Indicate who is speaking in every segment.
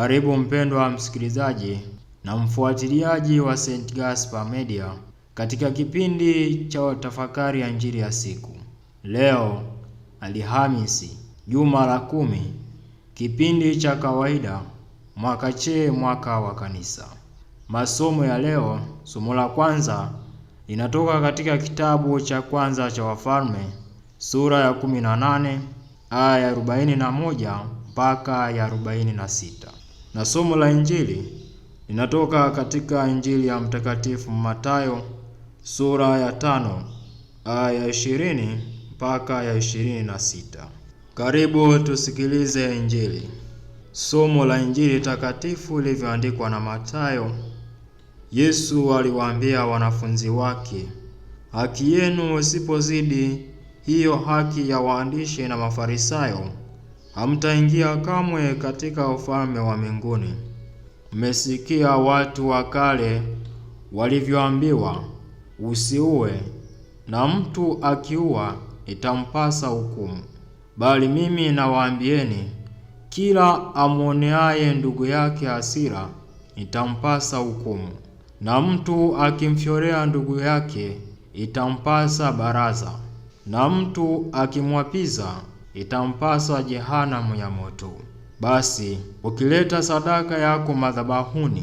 Speaker 1: Karibu mpendwa msikilizaji na mfuatiliaji wa St. Gaspar Media katika kipindi cha tafakari ya Injili ya siku. Leo Alhamisi, juma la kumi, kipindi cha kawaida, mwaka C, mwaka wa Kanisa. Masomo ya leo, somo la kwanza linatoka katika kitabu cha kwanza cha Wafalme sura ya 18 aya ya 41 mpaka ya 46. Na somo la Injili linatoka katika Injili ya Mtakatifu Mathayo sura ya tano aya ya ishirini mpaka ya ishirini na sita. Karibu tusikilize Injili. Somo la Injili takatifu lilivyoandikwa na Mathayo. Yesu aliwaambia wanafunzi wake, haki yenu isipozidi hiyo haki ya waandishi na Mafarisayo, hamtaingia kamwe katika ufalme wa mbinguni. Mmesikia watu wa kale walivyoambiwa, usiue, na mtu akiua itampasa hukumu. Bali mimi nawaambieni, kila amwoneaye ndugu yake hasira itampasa hukumu, na mtu akimfyorea ndugu yake itampasa baraza, na mtu akimwapiza itampasa jehanamu ya moto. Basi ukileta sadaka yako madhabahuni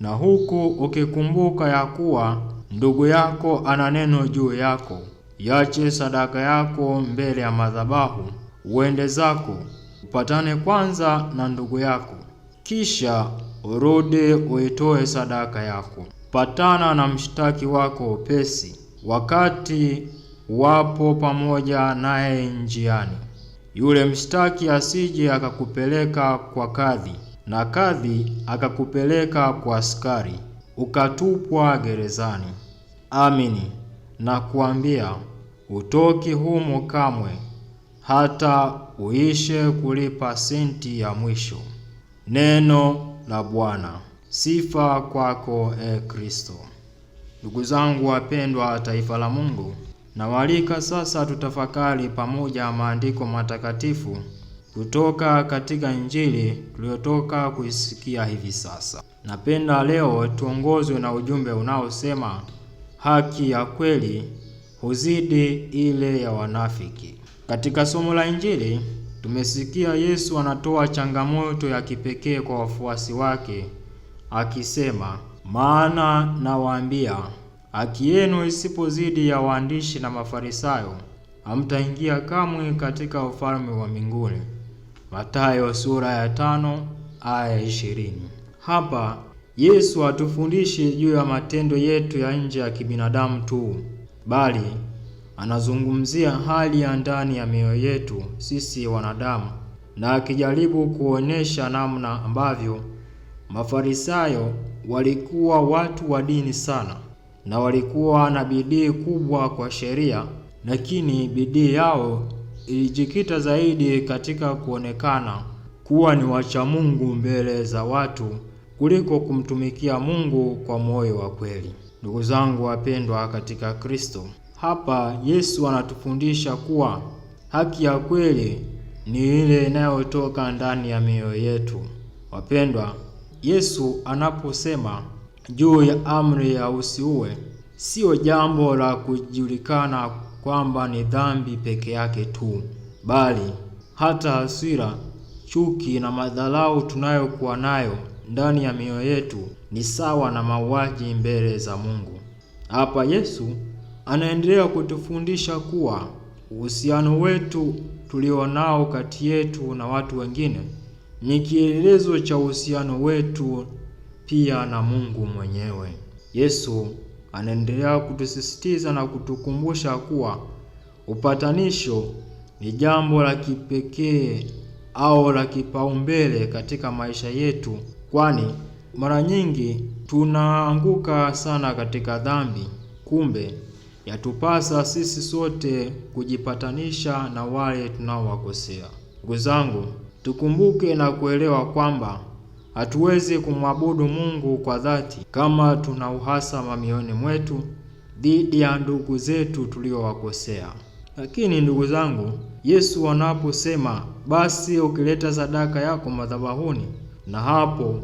Speaker 1: na huku ukikumbuka ya kuwa ndugu yako ana neno juu yako, yache sadaka yako mbele ya madhabahu, uende zako upatane kwanza na ndugu yako, kisha urudi uitoe sadaka yako. Patana na mshtaki wako upesi, wakati wapo pamoja naye njiani yule mshtaki asije akakupeleka kwa kadhi na kadhi akakupeleka kwa askari ukatupwa gerezani. Amini nakuambia, utoki humo kamwe, hata uishe kulipa senti ya mwisho. Neno la Bwana. Sifa kwako, e Kristo. Ndugu zangu wapendwa, taifa la Mungu na walika sasa tutafakari pamoja maandiko matakatifu kutoka katika Injili tuliyotoka kuisikia hivi sasa. Napenda leo tuongozwe na ujumbe unaosema haki ya kweli huzidi ile ya wanafiki. Katika somo la Injili tumesikia Yesu anatoa changamoto ya kipekee kwa wafuasi wake akisema, maana nawaambia Haki yenu isipozidi ya waandishi na Mafarisayo, hamtaingia kamwe katika ufalme wa mbinguni. Mathayo sura ya tano aya ishirini. Hapa Yesu hatufundishi juu ya matendo yetu ya nje ya kibinadamu tu, bali anazungumzia hali ya ndani ya mioyo yetu sisi wanadamu, na akijaribu kuonyesha namna ambavyo Mafarisayo walikuwa watu wa dini sana, na walikuwa na bidii kubwa kwa sheria, lakini bidii yao ilijikita zaidi katika kuonekana kuwa ni wacha Mungu mbele za watu kuliko kumtumikia Mungu kwa moyo wa kweli. Ndugu zangu wapendwa katika Kristo, hapa Yesu anatufundisha kuwa haki ya kweli ni ile inayotoka ndani ya mioyo yetu. Wapendwa, Yesu anaposema juu ya amri ya usiue siyo jambo la kujulikana kwamba ni dhambi peke yake tu, bali hata hasira, chuki na madharau tunayokuwa nayo ndani ya mioyo yetu ni sawa na mauaji mbele za Mungu. Hapa Yesu anaendelea kutufundisha kuwa uhusiano wetu tulionao kati yetu na watu wengine ni kielelezo cha uhusiano wetu pia na Mungu mwenyewe. Yesu anaendelea kutusisitiza na kutukumbusha kuwa upatanisho ni jambo la kipekee au la kipaumbele katika maisha yetu, kwani mara nyingi tunaanguka sana katika dhambi. Kumbe yatupasa sisi sote kujipatanisha na wale tunaowakosea. Ndugu zangu, tukumbuke na kuelewa kwamba Hatuwezi kumwabudu Mungu kwa dhati kama tuna uhasama mioyoni mwetu dhidi ya ndugu zetu tuliowakosea. Lakini ndugu zangu, Yesu anaposema basi ukileta sadaka yako madhabahuni, na hapo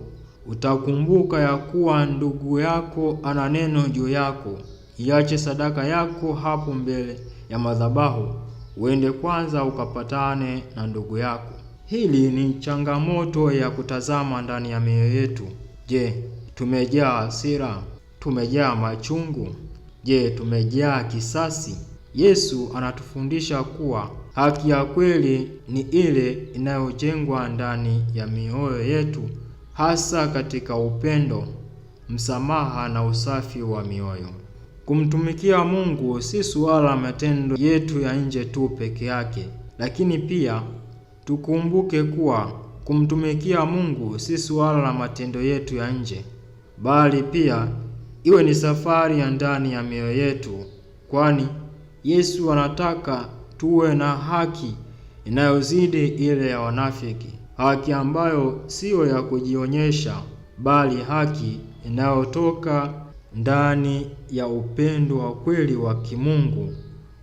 Speaker 1: utakumbuka ya kuwa ndugu yako ana neno juu yako, iache sadaka yako hapo mbele ya madhabahu, uende kwanza ukapatane na ndugu yako. Hili ni changamoto ya kutazama ndani ya mioyo yetu. Je, tumejaa hasira? Tumejaa machungu? Je, tumejaa kisasi? Yesu anatufundisha kuwa haki ya kweli ni ile inayojengwa ndani ya mioyo yetu, hasa katika upendo, msamaha na usafi wa mioyo. Kumtumikia Mungu si suala matendo yetu ya nje tu peke yake, lakini pia Tukumbuke kuwa kumtumikia Mungu si suala la matendo yetu ya nje, bali pia iwe ni safari ya ndani ya mioyo yetu, kwani Yesu anataka tuwe na haki inayozidi ile ya wanafiki, haki ambayo siyo ya kujionyesha, bali haki inayotoka ndani ya upendo wa kweli wa kimungu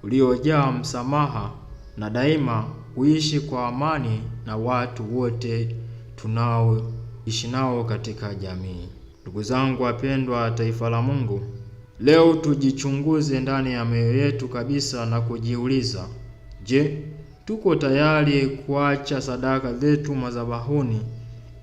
Speaker 1: uliojaa msamaha na daima kuishi kwa amani na watu wote tunaoishi nao katika jamii. Ndugu zangu wapendwa, taifa la Mungu, leo tujichunguze ndani ya mioyo yetu kabisa na kujiuliza, je, tuko tayari kuacha sadaka zetu madhabahuni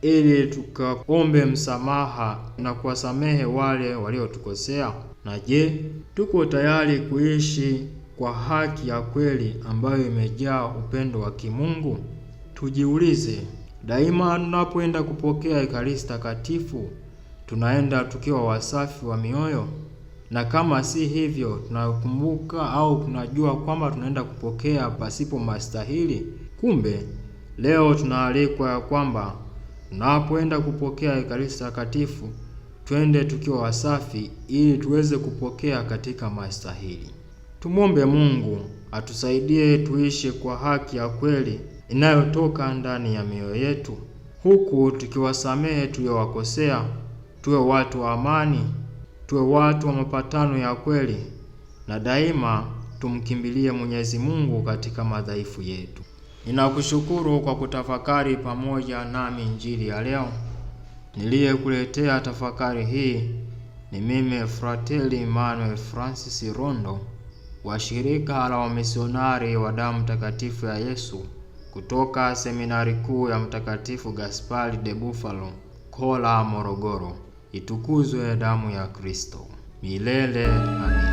Speaker 1: ili tukaombe msamaha na kuwasamehe wale waliotukosea? Na je, tuko tayari kuishi kwa haki ya kweli ambayo imejaa upendo wa kimungu? Tujiulize daima, tunapoenda kupokea Ekaristi Takatifu, tunaenda tukiwa wasafi wa mioyo? Na kama si hivyo, tunakumbuka au tunajua kwamba tunaenda kupokea pasipo mastahili? Kumbe leo tunaalikwa ya kwamba tunapoenda kupokea Ekaristi Takatifu twende tukiwa wasafi ili tuweze kupokea katika mastahili. Tumwombe Mungu atusaidie tuishi kwa haki ya kweli inayotoka ndani ya mioyo yetu, huku tukiwasamehe tuliowakosea. Tuwe watu wa amani, tuwe watu wa mapatano ya kweli, na daima tumkimbilie Mwenyezi Mungu katika madhaifu yetu. Ninakushukuru kwa kutafakari pamoja nami injili ya leo. Niliyekuletea tafakari hii ni mimi Frateli Emmanuel Francis Rondo wa shirika la wamisionari wa damu takatifu ya Yesu kutoka seminari kuu ya Mtakatifu Gaspari de Bufalo, Kola, Morogoro. Itukuzwe damu ya Kristo! Milele amina.